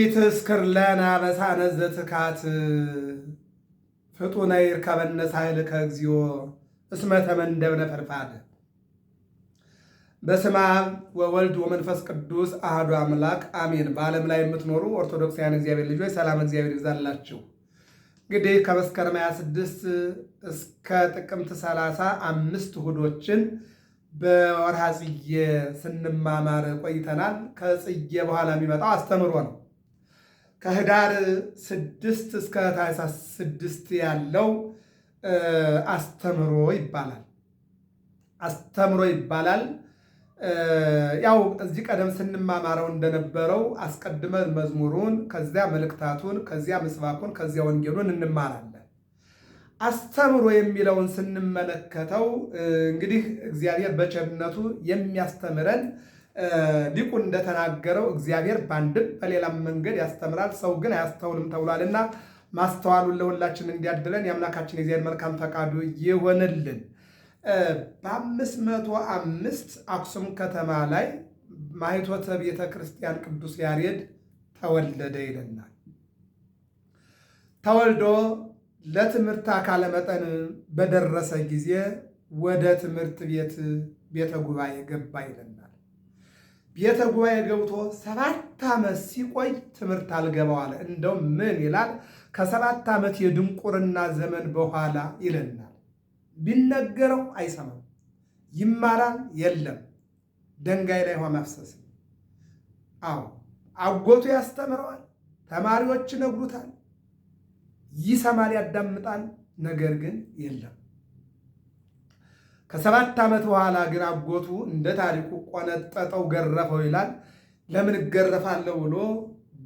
ኢትስክር ለነ አበሳነ ዘትካት ፍጡነ ይርከበነ ሳህልከ እግዚኦ እስመ ተመንደብነ ፈድፋድ። በስመ አብ ወወልድ ወመንፈስ ቅዱስ አህዱ አምላክ አሜን። በዓለም ላይ የምትኖሩ ኦርቶዶክሳውያን እግዚአብሔር ልጆች ሰላም እግዚአብሔር ይብዛላችሁ። እንግዲህ ከመስከረም 26 እስከ ጥቅምት 30 አምስት እሁዶችን በወርሃ ጽጌ ስንማማር ቆይተናል። ከጽጌ በኋላ የሚመጣው አስተምሮ ነው። ከህዳር ስድስት እስከ ታኅሳስ ስድስት ያለው አስተምሮ ይባላል። አስተምሮ ይባላል። ያው እዚህ ቀደም ስንማማረው እንደነበረው አስቀድመን መዝሙሩን፣ ከዚያ መልእክታቱን፣ ከዚያ ምስባኩን፣ ከዚያ ወንጌሉን እንማራለን። አስተምሮ የሚለውን ስንመለከተው እንግዲህ እግዚአብሔር በቸርነቱ የሚያስተምረን ሊቁ እንደተናገረው እግዚአብሔር በአንድም በሌላም መንገድ ያስተምራል፣ ሰው ግን አያስተውልም ተብሏልና ማስተዋሉን ለሁላችን እንዲያድለን የአምላካችን የእግዚአብሔር መልካም ፈቃዱ ይሆንልን። በአምስት መቶ አምስት አክሱም ከተማ ላይ ማኅቶተ ቤተ ክርስቲያን ቅዱስ ያሬድ ተወለደ ይለናል። ተወልዶ ለትምህርት አካለ መጠን በደረሰ ጊዜ ወደ ትምህርት ቤት ቤተ ጉባኤ ገባ ይለናል። ቤተ ጉባኤ ገብቶ ሰባት ዓመት ሲቆይ ትምህርት አልገባዋል። እንደው ምን ይላል? ከሰባት ዓመት የድንቁርና ዘመን በኋላ ይለናል። ቢነገረው አይሰማም፣ ይማራል የለም። ደንጋይ ላይ ውሃ ማፍሰስ። አዎ አጎቱ ያስተምረዋል፣ ተማሪዎች ይነግሩታል፣ ይሰማል፣ ያዳምጣል። ነገር ግን የለም ከሰባት ዓመት በኋላ ግን አጎቱ እንደ ታሪኩ ቆነጠጠው፣ ገረፈው ይላል። ለምን እገረፋለሁ ብሎ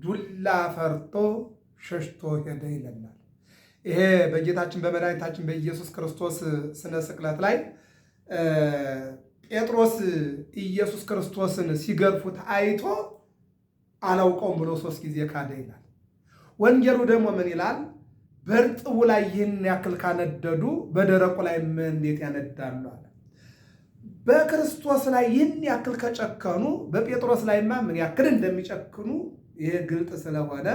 ዱላ ፈርቶ ሸሽቶ ሄደ ይለናል። ይሄ በጌታችን በመድኃኒታችን በኢየሱስ ክርስቶስ ስነ ስቅለት ላይ ጴጥሮስ ኢየሱስ ክርስቶስን ሲገርፉት አይቶ አላውቀውም ብሎ ሶስት ጊዜ ካደ ይላል። ወንጌሉ ደግሞ ምን ይላል? በእርጥቡ ላይ ይህን ያክል ካነደዱ በደረቁ ላይ እንዴት ያነዳሉ? አለ። በክርስቶስ ላይ ይህን ያክል ከጨከኑ በጴጥሮስ ላይማ ምን ያክል እንደሚጨክኑ ይህ ግልጥ ስለሆነ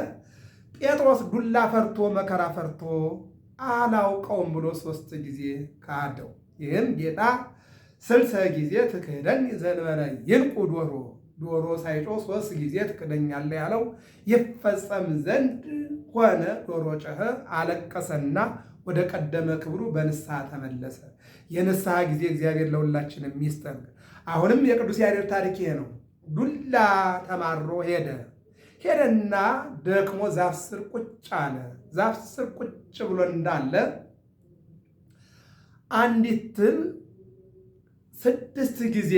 ጴጥሮስ ዱላ ፈርቶ መከራ ፈርቶ አላውቀውም ብሎ ሶስት ጊዜ ካደው። ይህም ጌታ ስልሰ ጊዜ ትክህደኒ ዘእንበለ ይልቁ ዶሮ ዶሮ ሳይጮ ሶስት ጊዜ ትክደኛለህ ያለው ይፈጸም ዘንድ ሆነ። ዶሮ ጮኸ፣ አለቀሰና ወደ ቀደመ ክብሩ በንስሐ ተመለሰ። የንስሐ ጊዜ እግዚአብሔር ለሁላችን የሚስጠን። አሁንም የቅዱስ ያሬድ ታሪክ ይሄ ነው። ዱላ ተማሮ ሄደ ሄደና ደክሞ ዛፍ ስር ቁጭ አለ። ዛፍ ስር ቁጭ ብሎ እንዳለ አንዲት ትል ስድስት ጊዜ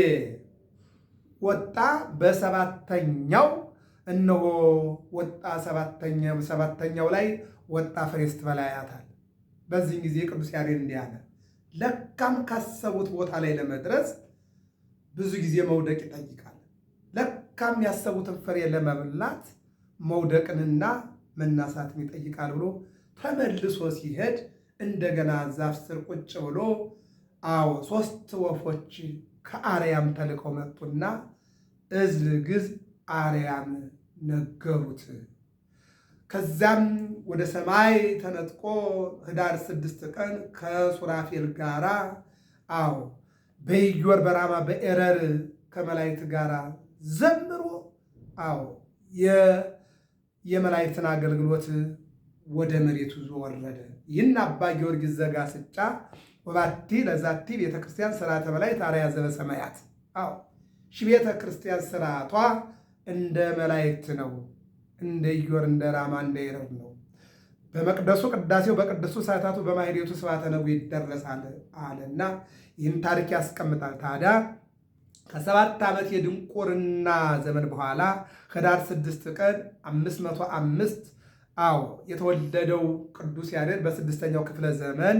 ወጣ በሰባተኛው እነሆ ወጣ ሰባተኛው ላይ ወጣ ፍሬስት በላያታል። በዚህ ጊዜ ቅዱስ ያሬድ እንዲህ አለ። ለካም ካሰቡት ቦታ ላይ ለመድረስ ብዙ ጊዜ መውደቅ ይጠይቃል። ለካም ያሰቡትን ፍሬ ለመብላት መውደቅንና መናሳትን ይጠይቃል ብሎ ተመልሶ ሲሄድ እንደገና ዛፍ ስር ቁጭ ብሎ አዎ ሶስት ወፎች ከአርያም ተልቀው መጡና እዝል ግዝ አርያም ነገሩት። ከዛም ወደ ሰማይ ተነጥቆ ህዳር ስድስት ቀን ከሱራፌል ጋራ አዎ በኢዮር በራማ በኤረር ከመላእክት ጋራ ዘምሮ አዎ የመላእክትን አገልግሎት ወደ መሬቱ ዞ ወረደ። ይህን አባ ጊዮርጊስ ዘጋስጫ ወባቲ ለዛቲ ቤተ ክርስቲያን ስርዓተ መላእክት አርአያ ዘበሰማያት። አዎ ሺ ቤተ ክርስቲያን ስርዓቷ እንደ መላእክት ነው፣ እንደ ኢዮር እንደ ራማ እንደ ይረብ ነው። በመቅደሱ ቅዳሴው በቅዱሱ ሰዓታቱ በማህሌቱ ስብሐተ ነግህ ይደረሳል አለና ይህን ታሪክ ያስቀምጣል። ታዲያ ከሰባት ዓመት የድንቁርና ዘመን በኋላ ህዳር ስድስት ቀን አምስት መቶ አምስት አዎ የተወለደው ቅዱስ ያሬድ በስድስተኛው ክፍለ ዘመን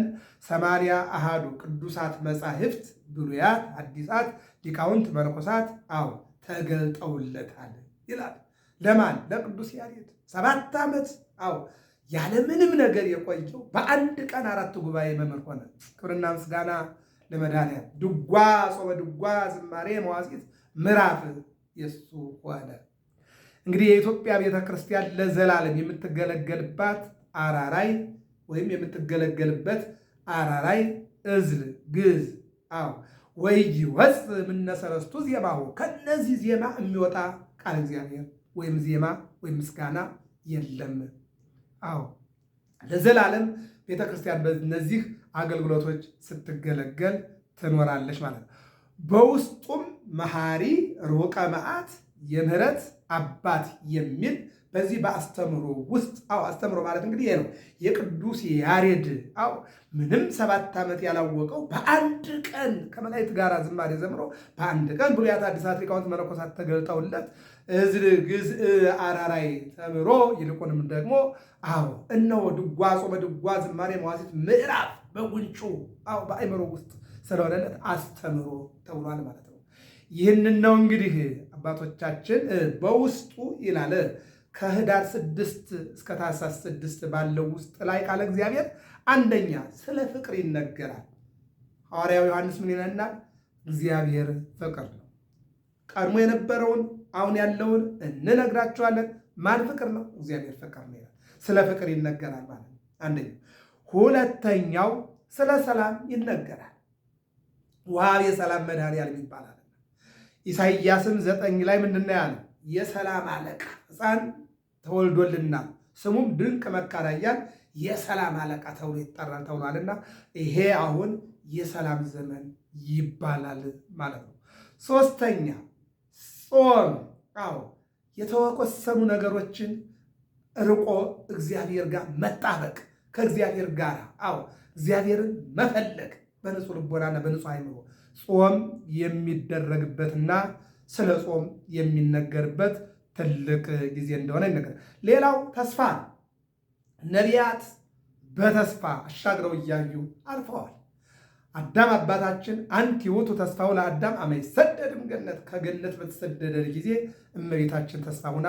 ሰማሪያ አሃዱ ቅዱሳት መጻሕፍት ብሉያት፣ አዲሳት፣ ሊቃውንት፣ መነኮሳት አዎ ተገልጠውለታል ይላል። ለማን ለቅዱስ ያሬድ ሰባት ዓመት አዎ ያለምንም ነገር የቆየው በአንድ ቀን አራት ጉባኤ መምህር ሆነ። ክብርና ምስጋና ለመድኃኒዓለም። ድጓ ጾመ ድጓ ዝማሬ መዋሥዕት ምዕራፍ የሱ ሆነ። እንግዲህ የኢትዮጵያ ቤተክርስቲያን ለዘላለም የምትገለገልባት አራራይ ወይም የምትገለገልበት አራራይ እዝል ግዝ አዎ ወይ ወፅ ምነሰረስቱ ዜማሁ ከነዚህ ዜማ የሚወጣ ቃል እግዚአብሔር ወይም ዜማ ወይም ምስጋና የለም። አዎ ለዘላለም ቤተክርስቲያን በነዚህ በእነዚህ አገልግሎቶች ስትገለገል ትኖራለች ማለት ነው። በውስጡም መሐሪ ሩቀ መዓት የምህረት አባት የሚል በዚህ በአስተምሮ ውስጥ አዎ አስተምሮ ማለት እንግዲህ ይሄ ነው የቅዱስ ያሬድ አዎ ምንም ሰባት ዓመት ያላወቀው በአንድ ቀን ከመላእክት ጋር ዝማሬ ዘምሮ በአንድ ቀን ብሉያት አዲሳት ሊቃውንት መነኮሳት ተገልጠውለት እዝል ግዝ አራራይ ተምሮ ይልቁንም ደግሞ አዎ እነሆ ድጓ ጾመ ድጓ ዝማሬ መዋሥዕት ምዕራፍ በጉንጩ አዎ በአእምሮ ውስጥ ስለሆነለት አስተምሮ ተብሏል ማለት ነው። ይህንን ነው እንግዲህ አባቶቻችን በውስጡ ይላል ከህዳር ስድስት እስከ ታህሳስ ስድስት ባለው ውስጥ ላይ ቃለ እግዚአብሔር አንደኛ ስለ ፍቅር ይነገራል። ሐዋርያው ዮሐንስ ምን ይለናል? እግዚአብሔር ፍቅር ነው። ቀድሞ የነበረውን አሁን ያለውን እንነግራቸዋለን። ማን ፍቅር ነው? እግዚአብሔር ፍቅር ነው ይላል። ስለ ፍቅር ይነገራል ማለት ነው አንደኛ። ሁለተኛው ስለ ሰላም ይነገራል። ወሀቤ ሰላም መድኃኔዓለም ይባላል። ኢሳይያስም ዘጠኝ ላይ ምንድን ነው ያለው? የሰላም አለቃ ሕፃን ተወልዶልና ስሙም ድንቅ መካር እያል የሰላም አለቃ ተብሎ ይጠራል ተብሏልና ይሄ አሁን የሰላም ዘመን ይባላል ማለት ነው። ሶስተኛ ጾም። አዎ የተወቆሰኑ ነገሮችን ርቆ እግዚአብሔር ጋር መጣበቅ ከእግዚአብሔር ጋር አዎ እግዚአብሔርን መፈለግ በንጹህ ልቦናና በንጹህ አይምሮ ጾም የሚደረግበትና ስለ ጾም የሚነገርበት ትልቅ ጊዜ እንደሆነ ይነገራል። ሌላው ተስፋ ነቢያት በተስፋ አሻግረው እያዩ አልፈዋል። አዳም አባታችን አንቲ ውእቱ ተስፋው ለአዳም አመይሰደድም ገነት ከገነት በተሰደደ ጊዜ እመቤታችን ተስፋ ሁና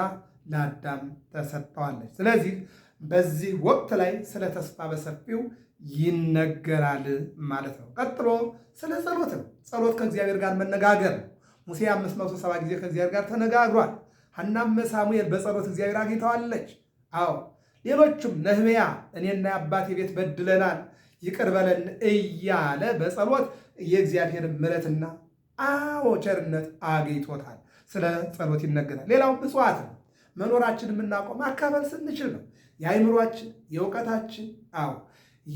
ለአዳም ተሰጥተዋለች። ስለዚህ በዚህ ወቅት ላይ ስለ ተስፋ በሰፊው ይነገራል ማለት ነው። ቀጥሎ ስለ ጸሎት ነው። ጸሎት ከእግዚአብሔር ጋር መነጋገር ነው። ሙሴ አምስት መቶ ሰባ ጊዜ ከእግዚአብሔር ጋር ተነጋግሯል። ሐናም ሳሙኤል በጸሎት እግዚአብሔር አግኝተዋለች። አዎ ሌሎቹም ነህምያ እኔና የአባቴ ቤት በድለናል ይቅር በለን እያለ በጸሎት የእግዚአብሔር ምሕረትና አዎ ቸርነት አግኝቶታል። ስለ ጸሎት ይነገራል። ሌላው ምጽዋት ነው። መኖራችን የምናውቀው ማካፈል ስንችል ነው። የአይምሯችን፣ የእውቀታችን አዎ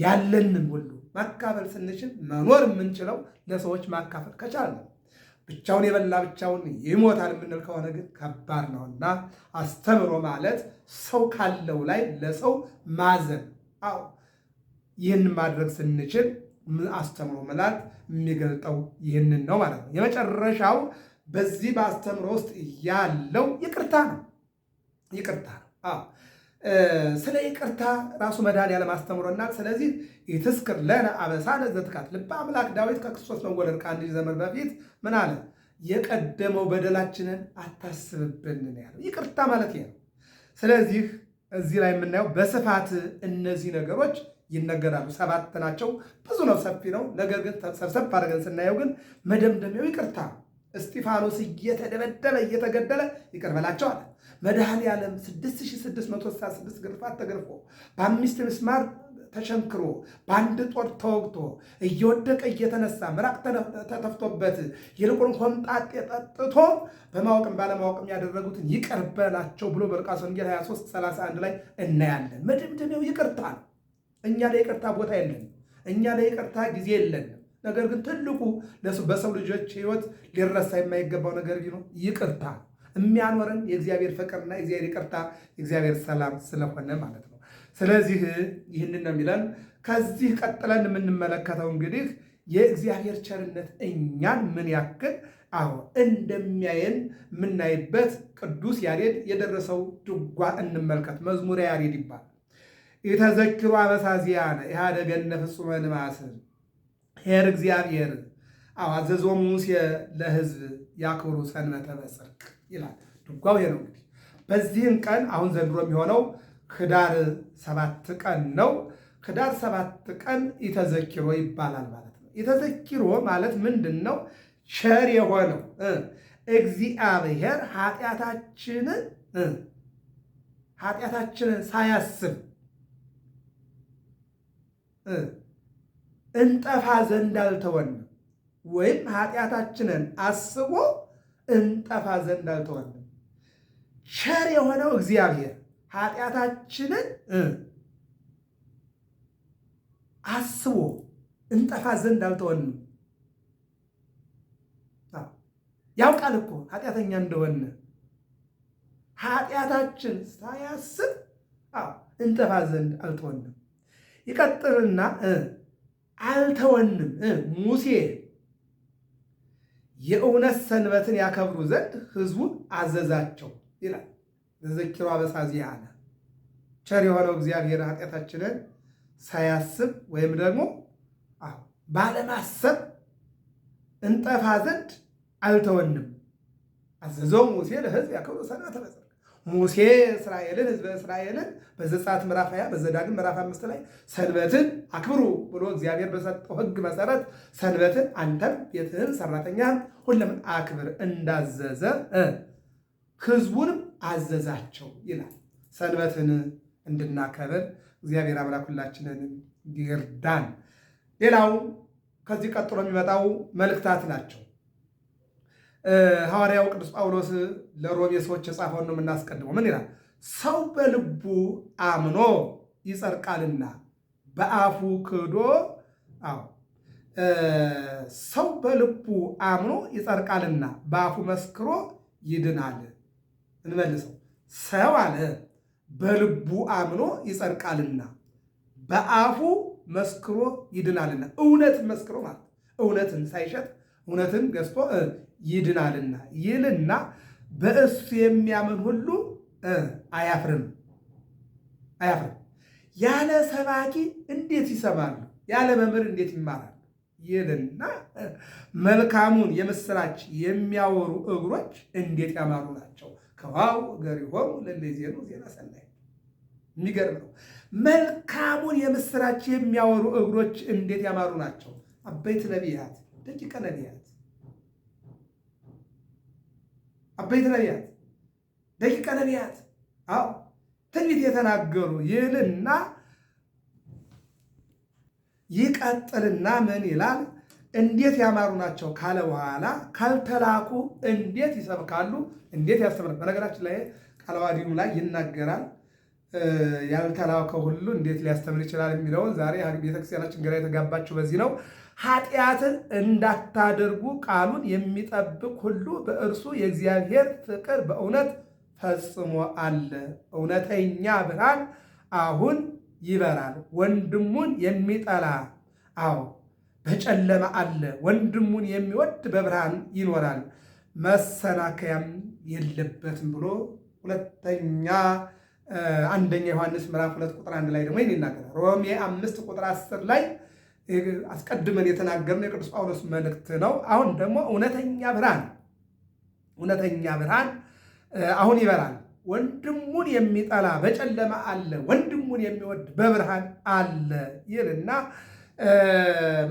ያለንን ሁሉ ማካፈል ስንችል መኖር የምንችለው ለሰዎች ማካፈል ከቻል ነው። ብቻውን የበላ ብቻውን ይሞታል የምንል ከሆነ ግን ከባድ ነው እና አስተምሮ ማለት ሰው ካለው ላይ ለሰው ማዘን። አዎ ይህን ማድረግ ስንችል አስተምሮ መላት የሚገልጠው ይህንን ነው ማለት ነው። የመጨረሻው በዚህ በአስተምሮ ውስጥ ያለው ይቅርታ ነው። ይቅርታ ነው። ስለ ይቅርታ ራሱ መድኃኒዓለም አስተምሮናል። ስለዚህ ይትስክር ለነ አበሳነ ዘትካት ልበ አምላክ ዳዊት ከክርስቶስ መወለድ ከአንድ ዘመን በፊት ምን አለ? የቀደመው በደላችንን አታስብብን ያለው ይቅርታ ማለት ነው። ስለዚህ እዚህ ላይ የምናየው በስፋት እነዚህ ነገሮች ይነገራሉ። ሰባት ናቸው። ብዙ ነው፣ ሰፊ ነው። ነገር ግን ሰብሰብ አድርገን ስናየው ግን መደምደሚያው ይቅርታ። እስጢፋኖስ እየተደበደበ እየተገደለ ይቅር በላቸው አለ። መድኃኔ ዓለም 6666 ግርፋት ተገርፎ በአምስት ምስማር ተሸንክሮ በአንድ ጦር ተወግቶ እየወደቀ እየተነሳ ምራቅ ተተፍቶበት ይልቁን ሆምጣጤ ጠጥቶ በማወቅም ባለማወቅም ያደረጉትን ይቅር በላቸው ብሎ በሉቃስ ወንጌል 23 31 ላይ እናያለን። መደምደሚያው ይቅርታ ነው። እኛ ለይቅርታ ቦታ የለን። እኛ ለይቅርታ ጊዜ የለን። ነገር ግን ትልቁ በሰው ልጆች ሕይወት ሊረሳ የማይገባው ነገር ቢኖር ይቅርታ የሚያኖረን የእግዚአብሔር ፍቅርና የእግዚአብሔር ይቅርታ የእግዚአብሔር ሰላም ስለሆነ ማለት ነው። ስለዚህ ይህንን ነው የሚለን። ከዚህ ቀጥለን የምንመለከተው እንግዲህ የእግዚአብሔር ቸርነት እኛን ምን ያክል አዎ እንደሚያየን የምናይበት ቅዱስ ያሬድ የደረሰው ድጓ እንመልከት። መዝሙረ ያሬድ ይባል የተዘኪሩ አበሳዚያነ ኢሃደገነ ፍጹመ ንማስን ሄር እግዚአብሔር አዎ ሙሴ ለህዝብ ያክብሩ ሰንበተ በጽርቅ ይላል ድጓው። ነው እንግዲህ በዚህም ቀን አሁን ዘንድሮ የሚሆነው ህዳር ሰባት ቀን ነው። ህዳር ሰባት ቀን ኢተዘኪሮ ይባላል ማለት ነው። ኢተዘኪሮ ማለት ምንድን ነው? ቸር የሆነው እግዚአብሔር ኃጢአታችንን ኃጢአታችንን ሳያስብ እንጠፋ ዘንድ አልተወንም፣ ወይም ኃጢአታችንን አስቦ እንጠፋ ዘንድ አልተወንም። ቸር የሆነው እግዚአብሔር ኃጢአታችንን አስቦ እንጠፋ ዘንድ አልተወንም። ያውቃል እኮ ኃጢአተኛ እንደሆነ ኃጢአታችን ሳያስብ እንጠፋ ዘንድ አልተወንም። ይቀጥልና አልተወንም ሙሴ የእውነት ሰንበትን ያከብሩ ዘንድ ህዝቡን አዘዛቸው ይላል። ዘዘኪሮ አበሳዚ አለ ቸር የሆነው እግዚአብሔር ኃጢአታችንን ሳያስብ ወይም ደግሞ ባለማሰብ እንጠፋ ዘንድ አልተወንም። አዘዘው ሙሴ ለህዝብ ያከብሩ ሰንበት ሰንበተ ሙሴ እስራኤልን ህዝበ እስራኤልን በዘጸአት ምዕራፍ 20 በዘዳግም ምዕራፍ 5 ላይ ሰንበትን አክብሩ ብሎ እግዚአብሔር በሰጠው ህግ መሰረት ሰንበትን አንተም ቤትህም ሰራተኛ ሁሉም አክብር እንዳዘዘ ህዝቡንም አዘዛቸው ይላል። ሰንበትን እንድናከብር እግዚአብሔር አምላክ ሁላችንን ይርዳን። ሌላው ከዚህ ቀጥሎ የሚመጣው መልእክታት ናቸው። ሐዋርያው ቅዱስ ጳውሎስ ለሮሜ ሰዎች የጻፈውን ነው የምናስቀድመው። ምን ይላል? ሰው በልቡ አምኖ ይጸርቃልና በአፉ ክዶ። አዎ ሰው በልቡ አምኖ ይጸርቃልና በአፉ መስክሮ ይድናል። እንመልሰው። ሰው አለ በልቡ አምኖ ይጸርቃልና በአፉ መስክሮ ይድናልና። እውነትን መስክሮ ማለት እውነትን ሳይሸጥ እውነትን ገዝቶ ይድናልና ይልና በእሱ የሚያምን ሁሉ አያፍርም አያፍርም። ያለ ሰባኪ እንዴት ይሰማሉ? ያለ መምህር እንዴት ይማራሉ? ይልና መልካሙን የምስራች የሚያወሩ እግሮች እንዴት ያማሩ ናቸው። ከዋው ገሪሆሙ ለእለይዜኑ ዜና ሰላይ የሚገርም ነው። መልካሙን የምስራች የሚያወሩ እግሮች እንዴት ያማሩ ናቸው። አበይት ነቢያት፣ ደቂቀ ነቢያት አበይት ነቢያት፣ ደቂቀ ነቢያት፣ አዎ ትንቢት የተናገሩ ይህልና ይቀጥልና ምን ይላል? እንዴት ያማሩ ናቸው ካለ በኋላ ካልተላኩ እንዴት ይሰብካሉ? እንዴት ያስተምራል? በነገራችን ላይ ቃለዋዲኑ ላይ ይናገራል። ያልተላከ ሁሉ እንዴት ሊያስተምር ይችላል የሚለውን ዛሬ ቤተክርስቲያናችን ግራ የተጋባችሁ በዚህ ነው። ኃጢአትን እንዳታደርጉ ቃሉን የሚጠብቅ ሁሉ በእርሱ የእግዚአብሔር ፍቅር በእውነት ፈጽሞ አለ። እውነተኛ ብርሃን አሁን ይበራል። ወንድሙን የሚጠላ አዎ በጨለማ አለ፣ ወንድሙን የሚወድ በብርሃን ይኖራል፣ መሰናከያም የለበትም ብሎ ሁለተኛ አንደኛ ዮሐንስ ምዕራፍ ሁለት ቁጥር አንድ ላይ ደግሞ ይናገራል። ሮሜ አምስት ቁጥር አስር ላይ አስቀድመን የተናገርነው የቅዱስ ጳውሎስ መልእክት ነው። አሁን ደግሞ እውነተኛ ብርሃን እውነተኛ ብርሃን አሁን ይበራል። ወንድሙን የሚጠላ በጨለማ አለ፣ ወንድሙን የሚወድ በብርሃን አለ ይልና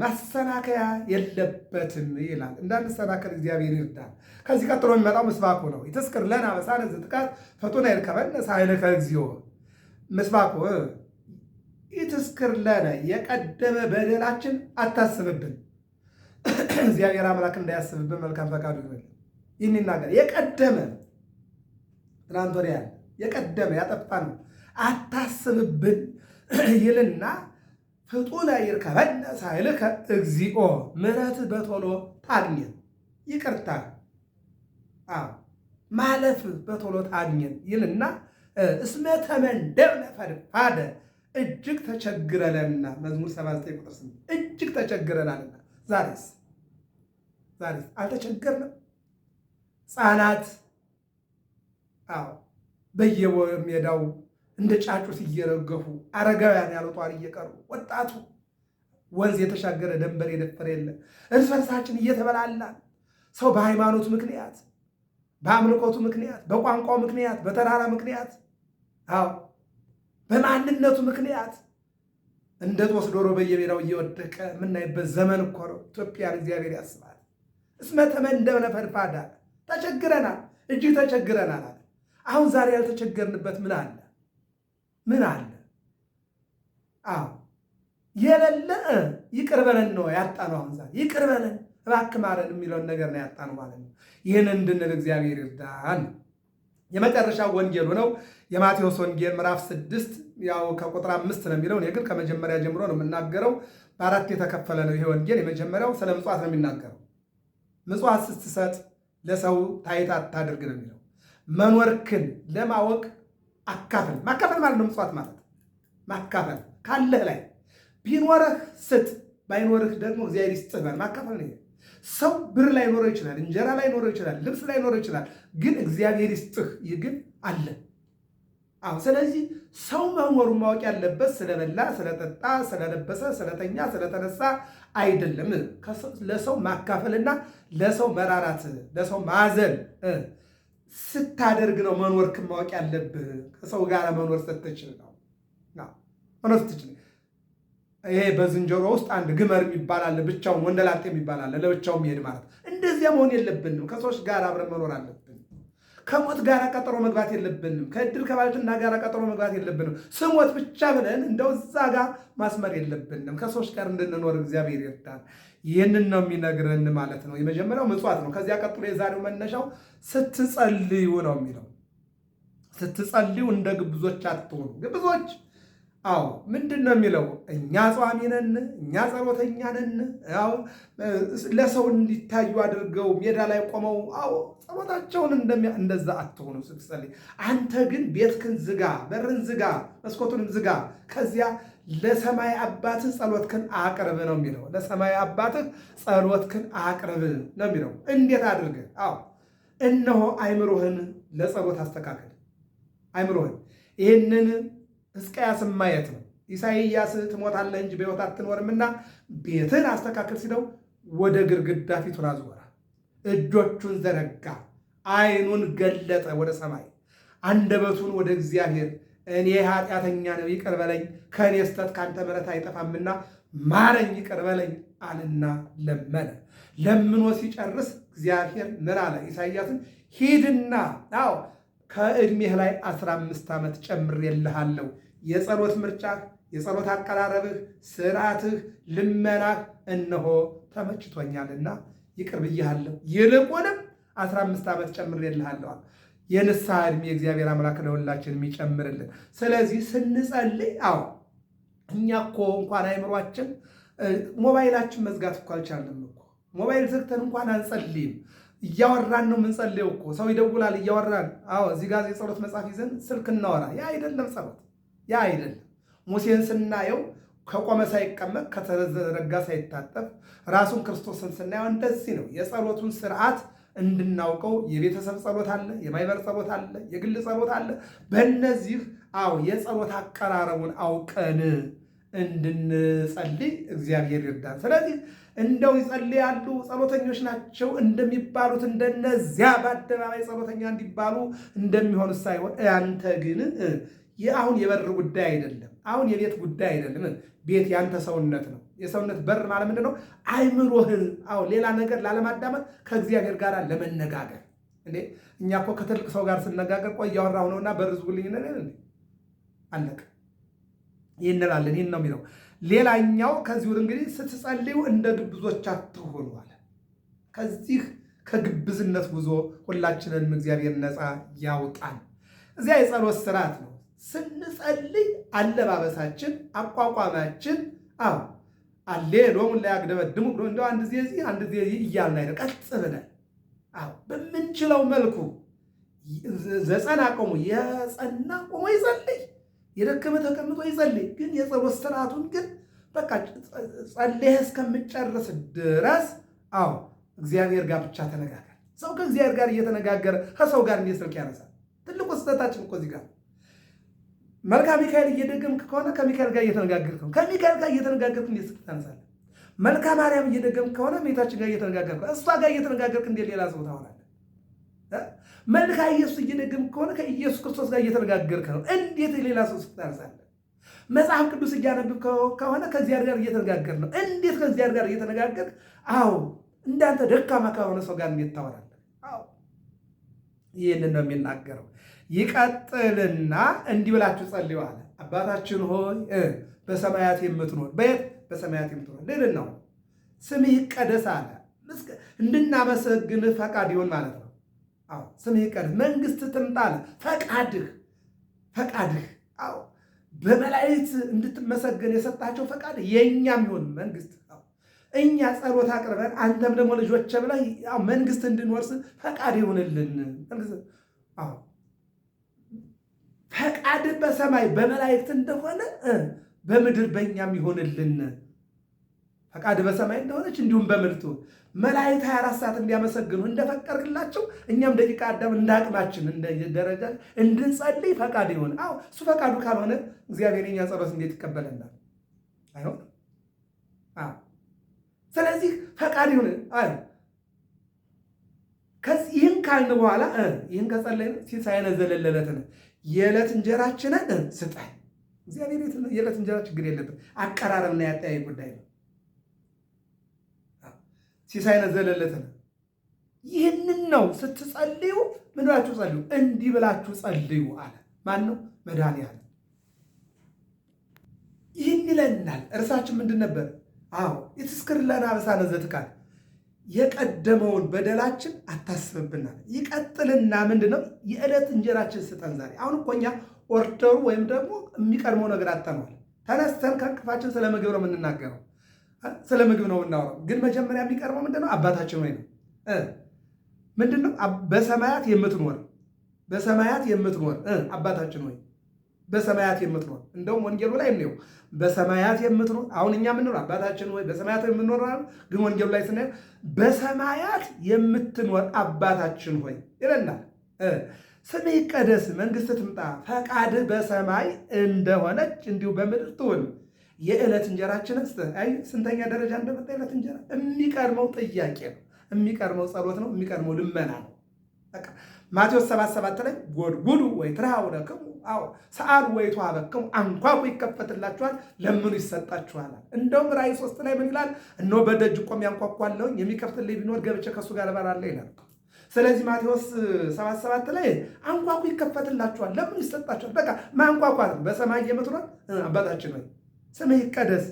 ማሰናከያ የለበትም ይላል። እንዳንሰናከል እግዚአብሔር ይርዳል። ከዚህ ቀጥሎ የሚመጣው ምስባኩ ነው። ይትዝክር ለነ አበሳነ ዘጥቃት ፈጡነ ይርከበነ ኀይለከ እግዚኦ ምስባኩ ኢትስክር ለነ የቀደመ በደላችን አታስብብን። እግዚአብሔር አምላክ እንዳያስብብን መልካም ፈቃዱ ይሆን። ይህን ይናገር የቀደመ ትናንት ወዲያ የቀደመ ያጠፋ ነው አታስብብን ይልና ፍጡነ ይርከበነ ሳይልከ እግዚኦ ምሕረት በቶሎ ታግኘን፣ ይቅርታ ማለፍ በቶሎ ታግኘን ይልና እስመ ተመንደብነ ፈድፋደ እጅግ ተቸግረለና መዝሙር 79 ቁጥር 8 እጅግ ተቸግረናልና። ዛሬስ ዛሬስ አልተቸገርንም? ሕፃናት አዎ በየሜዳው እንደ ጫጩት እየረገፉ፣ አረጋውያን ያለ ጧር እየቀሩ፣ ወጣቱ ወንዝ የተሻገረ ደንበር የደፈረ የለ እርስ በርሳችን እየተበላላን ሰው በሃይማኖቱ ምክንያት፣ በአምልኮቱ ምክንያት፣ በቋንቋው ምክንያት፣ በተራራ ምክንያት አዎ በማንነቱ ምክንያት እንደ ጦስ ዶሮ በየሜዳው እየወደቀ የምናይበት ዘመን እኮ ነው። ኢትዮጵያን እግዚአብሔር ያስባል። ተመን እንደሆነ ፈድፋዳ ተቸግረናል፣ እጅግ ተቸግረናል። አሁን ዛሬ ያልተቸገርንበት ምን አለ? ምን አለ? አዎ የሌለ ይቅር ነው ያጣነው። አሁን ዛሬ ይቅርበለን፣ እባክህ ማረን የሚለውን ነገር ነው ያጣነው ማለት ነው። ይህን እንድንል እግዚአብሔር ይርዳን። የመጨረሻ ወንጌሉ ነው የማቴዎስ ወንጌል ምዕራፍ ስድስት ያው ከቁጥር አምስት ነው የሚለው። እኔ ግን ከመጀመሪያ ጀምሮ ነው የምናገረው። በአራት የተከፈለ ነው ይሄ ወንጌል። የመጀመሪያው ስለ ምጽዋት ነው የሚናገረው። ምጽዋት ስትሰጥ ለሰው ታይት አታድርግ ነው የሚለው። መኖርክን ለማወቅ አካፈል። ማካፈል ማለት ነው ምጽዋት ማለት ማካፈል። ካለህ ላይ ቢኖርህ ስጥ፣ ባይኖርህ ደግሞ እግዚአብሔር ይስጥህ። ማካፈል ነው ሰው ብር ላይ ኖረው ይችላል፣ እንጀራ ላይ ኖረ ይችላል፣ ልብስ ላይኖረው ይችላል። ግን እግዚአብሔር ይስጥህ ግን አለ። አዎ። ስለዚህ ሰው መኖሩን ማወቅ ያለበት ስለበላ፣ ስለጠጣ፣ ስለለበሰ፣ ስለተኛ፣ ስለተነሳ አይደለም። ለሰው ማካፈልና ለሰው መራራት፣ ለሰው ማዘን ስታደርግ ነው መኖርክን ማወቅ ያለብህ። ከሰው ጋር መኖር ስትችል ነው መኖር ስትችል ይሄ በዝንጀሮ ውስጥ አንድ ግመር የሚባል አለ፣ ብቻውን ወንደላጤ የሚባል አለ፣ ለብቻው የሚሄድ ማለት። እንደዚያ መሆን የለብንም። ከሰዎች ጋር አብረን መኖር አለብን። ከሞት ጋር ቀጠሮ መግባት የለብንም። ከእድል ከባልትና ጋር ቀጠሮ መግባት የለብንም። ስሞት ብቻ ብለን እንደው እዛ ጋር ማስመር የለብንም። ከሰዎች ጋር እንድንኖር እግዚአብሔር ይርዳን። ይህንን ነው የሚነግረን ማለት ነው። የመጀመሪያው ምጽዋት ነው። ከዚያ ቀጥሎ የዛሬው መነሻው ስትጸልዩ ነው የሚለው ስትጸልዩ እንደ ግብዞች አትሆኑ። ግብዞች አዎ ምንድን ነው የሚለው? እኛ ጿሚ ነን፣ እኛ ጸሎተኛ ነን። አዎ ለሰው እንዲታዩ አድርገው ሜዳ ላይ ቆመው አዎ ጸሎታቸውን እንደሚያ እንደዛ አትሆኑ ስትጸልይ። አንተ ግን ቤትክን ዝጋ፣ በርን ዝጋ፣ መስኮቱንም ዝጋ። ከዚያ ለሰማይ አባትህ ጸሎትክን አቅርብ ነው የሚለው። ለሰማይ አባትህ ጸሎትክን አቅርብ ነው የሚለው። እንዴት አድርገህ? አዎ እነሆ አይምሮህን ለጸሎት አስተካክል። አይምሮህን ይህንን ሕዝቅያስም ማየት ነው። ኢሳይያስ ትሞታለህ እንጂ በሕይወት አትኖርምና ቤትን አስተካክል ሲለው ወደ ግድግዳ ፊቱን አዞራ፣ እጆቹን ዘረጋ፣ ዓይኑን ገለጠ ወደ ሰማይ፣ አንደበቱን ወደ እግዚአብሔር እኔ ኃጢአተኛ ነው ይቅር በለኝ፣ ከእኔ ስተት ከአንተ ምሕረት አይጠፋምና ማረኝ ይቅር በለኝ አልና ለመነ። ለምኖ ሲጨርስ እግዚአብሔር ምን አለ? ኢሳይያስን ሂድና አዎ ከእድሜህ ላይ 15 ዓመት ጨምሬልሃለሁ። የጸሎት ምርጫህ፣ የጸሎት አቀራረብህ፣ ስርዓትህ፣ ልመናህ እነሆ ተመችቶኛልና ይቅር ብያሃለሁ። ይልቁንም 15 ዓመት ጨምሬልሃለሁ። የንስሐ እድሜ እግዚአብሔር አምላክ ለሁላችን የሚጨምርልን። ስለዚህ ስንጸልይ አዎ እኛ እኮ እንኳን አይምሯችን ሞባይላችን መዝጋት እኮ አልቻልንም እኮ ሞባይል ዘግተን እንኳን አንጸልይም። እያወራን ነው የምንጸልየው እኮ ሰው ይደውላል፣ እያወራን አዎ፣ እዚህ ጋር የጸሎት መጽሐፍ ይዘን ስልክ እናወራ። ያ አይደለም ጸሎት፣ ያ አይደለም። ሙሴን ስናየው ከቆመ ሳይቀመጥ ከተዘረጋ ሳይታጠፍ ራሱን ክርስቶስን ስናየው እንደዚህ ነው። የጸሎቱን ስርዓት እንድናውቀው የቤተሰብ ጸሎት አለ፣ የማይበር ጸሎት አለ፣ የግል ጸሎት አለ። በእነዚህ አዎ የጸሎት አቀራረቡን አውቀን እንድንጸልይ እግዚአብሔር ይርዳን። ስለዚህ እንደው ይጸልያሉ ጸሎተኞች ናቸው እንደሚባሉት እንደነዚያ በአደባባይ ጸሎተኛ እንዲባሉ እንደሚሆን ሳይሆን ያንተ ግን አሁን የበር ጉዳይ አይደለም። አሁን የቤት ጉዳይ አይደለም። ቤት ያንተ ሰውነት ነው። የሰውነት በር ማለት ምንድነው? ነው? አይምሮህን አሁን ሌላ ነገር ላለማዳመጥ ከእግዚአብሔር ጋር ለመነጋገር እንዴ። እኛ እኮ ከትልቅ ሰው ጋር ስነጋገር ቆይ እያወራሁ ነውና በር ዝጉልኝ አለቅ ይህንላለን ይህን ነው የሚለው ሌላኛው ከዚሁ እንግዲህ ስትጸልዩ እንደ ግብዞች አትሁኑ አለ። ከዚህ ከግብዝነት ጉዞ ሁላችንንም እግዚአብሔር ነፃ ያውጣል። እዚያ የጸሎት ስርዓት ነው። ስንጸልይ አለባበሳችን፣ አቋቋማችን አሁ አሌ ሎም ላይ አግደበድሙ ብሎ እንደ አንድ ዜ እዚህ አንድ ጊዜ እያልን አይደል? ቀጥ ብለን አዎ በምንችለው መልኩ ዘጸና ቆሞ የጸና ቆሞ ይጸልይ የደከመ ተቀምጦ ይጸልይ። ግን የጸሎት ስርዓቱን ግን በቃ ጸልህ እስከምጨርስ ድረስ አዎ እግዚአብሔር ጋር ብቻ ተነጋገር። ሰው ከእግዚአብሔር ጋር እየተነጋገረ ከሰው ጋር እንዴት ስልክ ያነሳል? ትልቁ ስህተታችን እኮ እዚህ ጋር መልካም ሚካኤል እየደገምክ ከሆነ ከሚካኤል ጋር እየተነጋገርክ ነው። ከሚካኤል ጋር እየተነጋገርክ እንዴት ስልክ ታነሳለህ? መልካ ማርያም እየደገምክ ከሆነ ሜታችን ጋር እየተነጋገርክ እሷ ጋር እየተነጋገርክ እንዴት ሌላ ሰው ታሆናለህ? መልካ ኢየሱስ እየነገም ከሆነ ከኢየሱስ ክርስቶስ ጋር እየተነጋገርክ ነው። እንዴት ሌላ ሰው ታነሳለህ? መጽሐፍ ቅዱስ እያነብብ ከሆነ ከዚያር ጋር እየተነጋገር ነው። እንዴት ከዚያር ጋር እየተነጋገር? አዎ እንዳንተ ደካማ ከሆነ ሰው ጋር እንዴት ታወራለህ? አዎ ይህንን ነው የሚናገረው። ይቀጥልና እንዲህ ብላችሁ ጸልዩ አለ። አባታችን ሆይ በሰማያት የምትኖር በየት በሰማያት የምትኖር ልዕልና ነው ስምህ ይቀደስ አለ። እንድናመሰግንህ ፈቃድ ይሆን ማለት ነው አዎ ስምህ ይቀድስ፣ መንግስት ትምጣል። ፈቃድህ ፈቃድህ አዎ በመላእክት እንድትመሰገን የሰጣቸው ፈቃድ የእኛም ይሁን መንግስት እኛ ጸሎት አቅርበን አንተም ደግሞ ልጆች ብለህ መንግስት እንድንወርስ ፈቃድ ይሁንልን። ፈቃድ በሰማይ በመላእክት እንደሆነ በምድር በእኛም ይሁንልን። ፈቃድ በሰማይ እንደሆነች እንዲሁም በምድርቱ መላእክት 24 ሰዓት እንዲያመሰግኑ እንደፈቀድክላቸው እኛም ደቂቃ አዳም እንዳቅማችን እንደደረጃ እንድንጸልይ ፈቃድ ይሆን። አዎ እሱ ፈቃዱ ካልሆነ እግዚአብሔር የኛ ጸሎት እንዴት ይቀበለናል? አይሆን። አዎ ስለዚህ ፈቃድ ይሁን። አይ ከዚህ ይህን ካልን በኋላ ይህን ከጸለይን ሲሳይነ ዘለለለትን የዕለት እንጀራችንን ስጠን። እግዚአብሔር የዕለት እንጀራ ችግር የለብን። አቀራረብና ያጠያይ ጉዳይ ነው። ሲሳይነ ዘለለትን ይህንን ነው ስትጸልዩ ምን ብላችሁ ጸልዩ? እንዲህ ብላችሁ ጸልዩ አለ። ማን ነው? መድኃኒዓለም። ይህን ይለናል። እርሳችን ምንድን ነበር? አዎ የትስክር ለና በሳነ ዘትካል የቀደመውን በደላችን አታስብብናል። ይቀጥልና ምንድን ነው? የዕለት እንጀራችን ስጠን ዛሬ። አሁን እኮ እኛ ኦርደሩ ወይም ደግሞ የሚቀድመው ነገር አጠነዋል። ተነስተን ከእንቅልፋችን ስለ ምግብ ነው የምንናገረው። ስለ ምግብ ነው የምናወራው። ግን መጀመሪያ የሚቀርበው ምንድነው? አባታችን ወይ ነው። ምንድነው? በሰማያት የምትኖር በሰማያት የምትኖር አባታችን ወይ በሰማያት የምትኖር እንደውም ወንጌሉ ላይ ነው በሰማያት የምትኖር አሁን እኛ የምንኖር አባታችን ወይ በሰማያት የምንኖር ግን ወንጌሉ ላይ ስናየው በሰማያት የምትኖር አባታችን ሆይ ይለናል። ስምህ ይቀደስ፣ መንግስት ትምጣ፣ ፈቃድህ በሰማይ እንደሆነች እንዲሁ በምድር ትሁን የዕለት እንጀራችንን ስንተኛ ደረጃ እንደመጣ የዕለት እንጀራ የሚቀድመው ጥያቄ ነው፣ የሚቀድመው ጸሎት ነው፣ የሚቀድመው ልመና ነው። በቃ ማቴዎስ 7፥7 ላይ ጎድጉዱ ወይ ትርሃው ለክሙ አዎ ሰአሉ ወይ ተዋበክሙ አንኳኩ ይከፈትላችኋል፣ ለምኑ ይሰጣችኋል። እንደውም ራእይ ሶስት ላይ ምን ይላል? እነሆ በደጅ ቆሜ አንኳኳለሁ፣ የሚከፍትልኝ ቢኖር ገብቼ ከእሱ ጋር እበላለሁ ይላል። ስለዚህ ማቴዎስ 7፥7 ላይ አንኳኩ ይከፈትላችኋል፣ ለምኑ ይሰጣችኋል። በቃ ማንኳኳት በሰማይ የምትኖር አባታችን ነው ስምህ ይቀደስ፣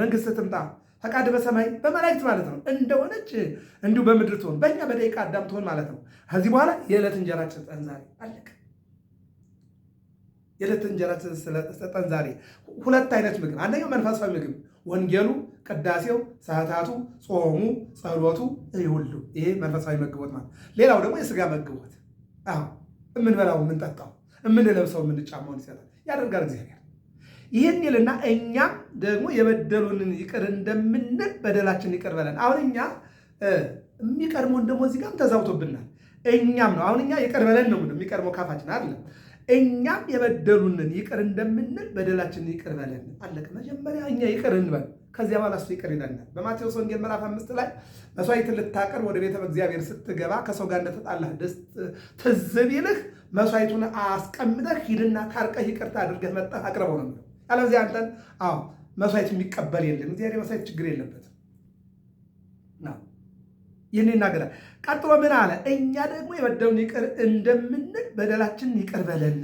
መንግስት ትምጣ፣ ፈቃድ በሰማይ በመላእክት ማለት ነው እንደሆነች እንዲሁ በምድር ትሆን፣ በእኛ በደቂቀ አዳም ትሆን ማለት ነው። ከዚህ በኋላ የዕለት እንጀራችን ስጠን ዛሬ። አለቀ። የዕለት እንጀራችን ስጠን ዛሬ። ሁለት አይነት ምግብ፣ አንደኛው መንፈሳዊ ምግብ ወንጌሉ፣ ቅዳሴው፣ ሰዓታቱ፣ ጾሙ፣ ጸሎቱ፣ ይህ ሁሉ ይሄ መንፈሳዊ መግቦት ማለት። ሌላው ደግሞ የስጋ መግቦት፣ የምንበላው፣ የምንጠጣው፣ የምንለብሰው፣ የምንጫማውን ይሰጣል ያደርጋል እግዚአብሔር። ይህን ይልና እኛ ደግሞ የበደሉንን ይቅር እንደምንል በደላችን ይቅር በለን። አሁን እኛ የሚቀድመውን ደግሞ እዚህ ጋርም ተዛውቶብናል። እኛም ነው አሁን እኛ ይቅር በለን ነው የሚቀድመው ካፋችን አይደለም። እኛም የበደሉንን ይቅር እንደምንል በደላችን ይቅር በለን። አለቀ። መጀመሪያ እኛ ይቅር እንበል፣ ከዚያ በኋላ እሱ ይቅር ይለናል። በማቴዎስ ወንጌል ምዕራፍ አምስት ላይ መስዋዕትን ልታቀርብ ወደ ቤተ እግዚአብሔር ስትገባ ከሰው ጋር እንደተጣላህ ደስ ትዝ ቢልህ መስዋዕቱን አስቀምጠህ ሂድና ታርቀህ ይቅርታ አድርገህ መጣህ አቅርበው ነው አለበዚያ አንተን አዎ መስዋዕት የሚቀበል የለም። እግዚአብሔር መስዋዕት ችግር የለበትም። ይህን ይናገራል። ቀጥሎ ምን አለ? እኛ ደግሞ የበደሉን ይቅር እንደምንል በደላችን ይቅር በለን።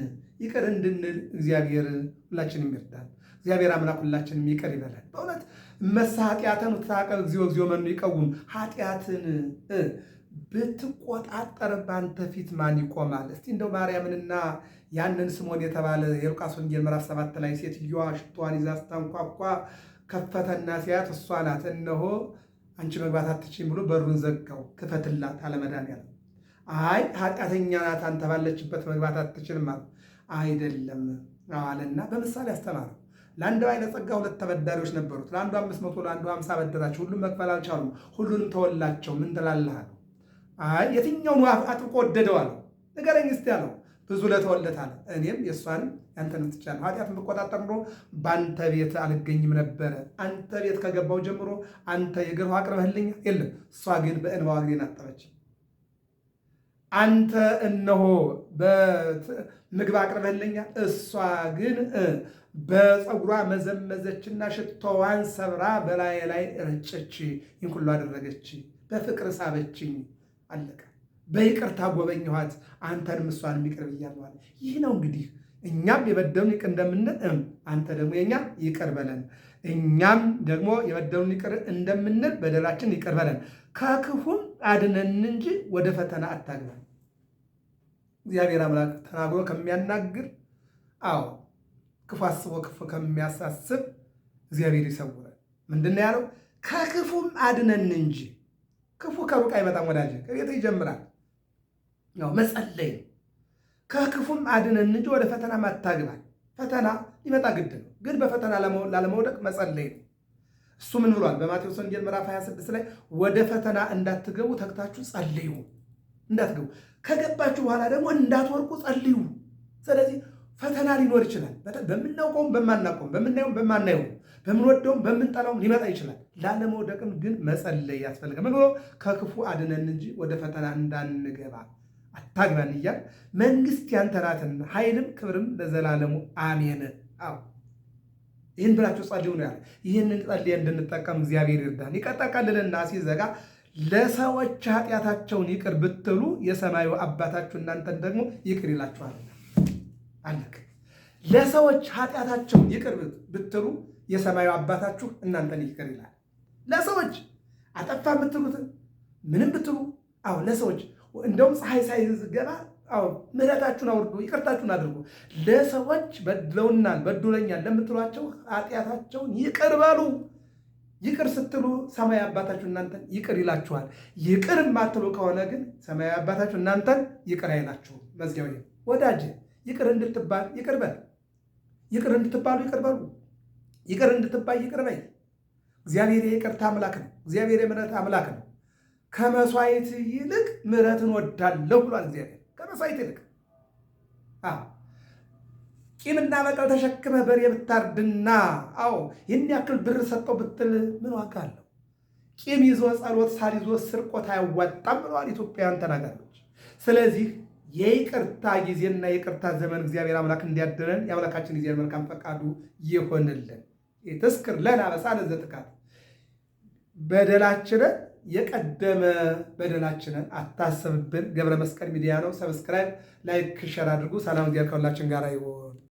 ይቅር እንድንል እግዚአብሔር ሁላችንም ይርዳል። እግዚአብሔር አምላክ ሁላችንም ይቅር ይበለን። በእውነት መሳ ኃጢአተን ታቀብ እግዚኦ እግዚኦ መኑ ይቀውም ኃጢአትን ብትቆጣጠር ባንተ ፊት ማን ይቆማል? እስቲ እንደው ማርያምንና ያንን ስሞን የተባለ የሉቃስ ወንጌል ምዕራፍ ሰባት ላይ ሴትዮዋ ሽቷን ይዛ ስታንኳኳ ከፈተና ሲያት እሷ ናት። እነሆ አንቺ መግባት አትችይም ብሎ በሩን ዘጋው። ክፈትላት አለ ያለ አይ ኃጢአተኛ ናት፣ አንተ ባለችበት መግባት አትችልም አለ። አይደለም አለና በምሳሌ አስተማረው። ለአንድ ጸጋ ሁለት ተበዳሪዎች ነበሩት። ለአንዱ አምስት መቶ ለአንዱ ሀምሳ በደራቸው። ሁሉም መክፈል አልቻሉም። ሁሉንም ተወላቸው። ምን ትላለህ? አይ የትኛውን አጥብቆ ወደደው አለው። ንገረኝ እስቲ አለው። ብዙ ለተወለት አለ። እኔም የእሷን ያንተን ትቻለሁ። ኃጢአትን ብቆጣጠር ኖሮ በአንተ ቤት አልገኝም ነበረ። አንተ ቤት ከገባው ጀምሮ አንተ የእግር ውሃ አቅርበህልኝ የለም። እሷ ግን በእንባዋ እግሬን አጠበች። አንተ እነሆ በምግብ አቅርበህልኛ፣ እሷ ግን በፀጉሯ መዘመዘችና ሽቶዋን ሰብራ በላዬ ላይ ረጨች። ይህን ሁሉ አደረገች፣ በፍቅር ሳበችኝ። አለቀ። በይቅርታ ጎበኘኋት፣ አንተንም እሷንም ይቅር ብያለኋል። ይህ ነው እንግዲህ እኛም የበደሉን ይቅር እንደምንል አንተ ደግሞ የኛ ይቅር በለን፣ እኛም ደግሞ የበደሉን ይቅር እንደምንል በደላችን ይቅር በለን፣ ከክፉም አድነን እንጂ ወደ ፈተና አታግባን። እግዚአብሔር አምላክ ተናግሮ ከሚያናግር አዎ ክፉ አስቦ ክፉ ከሚያሳስብ እግዚአብሔር ይሰውራል። ምንድን ነው ያለው? ከክፉም አድነን እንጂ ክፉ ከሩቅ አይመጣም ወዳጅ፣ ከቤት ይጀምራል። ያው መጸለይ ነው። ከክፉም አድነን እንጂ ወደ ፈተና ማታግባል። ፈተና ሊመጣ ግድ ነው፣ ግን በፈተና ላለመውደቅ መጸለይ ነው። እሱ ምን ብሏል? በማቴዎስ ወንጌል ምዕራፍ 26 ላይ ወደ ፈተና እንዳትገቡ ተግታችሁ ጸልዩ። እንዳትገቡ ከገባችሁ በኋላ ደግሞ እንዳትወርቁ ጸልዩ። ስለዚህ ፈተና ሊኖር ይችላል። በምናውቀውም በማናውቀውም በምናየውም በማናየውም በምንወደውም በምንጠላውም ሊመጣ ይችላል። ላለመውደቅም ግን መጸለይ ያስፈልጋል። ምን ከክፉ አድነን እንጂ ወደ ፈተና እንዳንገባ አታግባን እያል መንግስት ያንተ ናትና ኃይልም ክብርም ለዘላለሙ አሜን። አዎ ይህን ብላችሁ ጸልዩ ነው ያለ። ይህንን ጸልየ እንድንጠቀም እግዚአብሔር ይርዳን። ይቀጠቀልልና ሲዘጋ ለሰዎች ኃጢአታቸውን ይቅር ብትሉ የሰማዩ አባታችሁ እናንተን ደግሞ ይቅር ይላችኋል። አለክ ለሰዎች ኃጢአታቸውን ይቅር ብትሉ የሰማዩ አባታችሁ እናንተን ይቅር ይላል። ለሰዎች አጠፋ የምትሉትን ምንም ብትሉ፣ አዎ ለሰዎች እንደውም ፀሐይ ሳይገባ አዎ ምሕረታችሁን አውርዱ፣ ይቅርታችሁን አድርጉ። ለሰዎች በድለውናል፣ በድለኛል ለምትሏቸው ኃጢአታቸውን ይቅር በሉ። ይቅር ስትሉ ሰማያዊ አባታችሁ እናንተን ይቅር ይላችኋል። ይቅር የማትሉ ከሆነ ግን ሰማያዊ አባታችሁ እናንተን ይቅር አይላችሁም። መዝጊያው ወዳጅ ይቅር እንድትባል ይቅር ይቅር እንድትባሉ ይቅር ይቅር እንድትባል ይቅር እግዚአብሔር የይቅርታ አምላክ ነው። እግዚአብሔር የምሕረት አምላክ ነው። ከመሥዋዕት ይልቅ ምሕረትን ወዳለሁ ብሏል እግዚአብሔር። ከመሥዋዕት ይልቅ ቂምና በቀል ተሸክመህ በሬ ብታርድና፣ አዎ ይህን ያክል ብር ሰጠው ብትል ምን ዋጋ አለው? ቂም ይዞ ጸሎት ሳል ይዞ ስርቆት አያዋጣም ብለዋል ኢትዮጵያውያን ተናጋሪዎች። ስለዚህ የይቅርታ ጊዜና የይቅርታ ዘመን እግዚአብሔር አምላክ እንዲያደረን የአምላካችን ጊዜ መልካም ፈቃዱ ይሆንልን። ተስክር ለና በሳለ ዘጥቃት በደላችንን የቀደመ በደላችንን አታስብብን። ገብረ መስቀል ሚዲያ ነው። ሰብስክራይብ፣ ላይክ፣ ሸር አድርጉ። ሰላም እግዚአብሔር ከሁላችን ጋር ይሁን።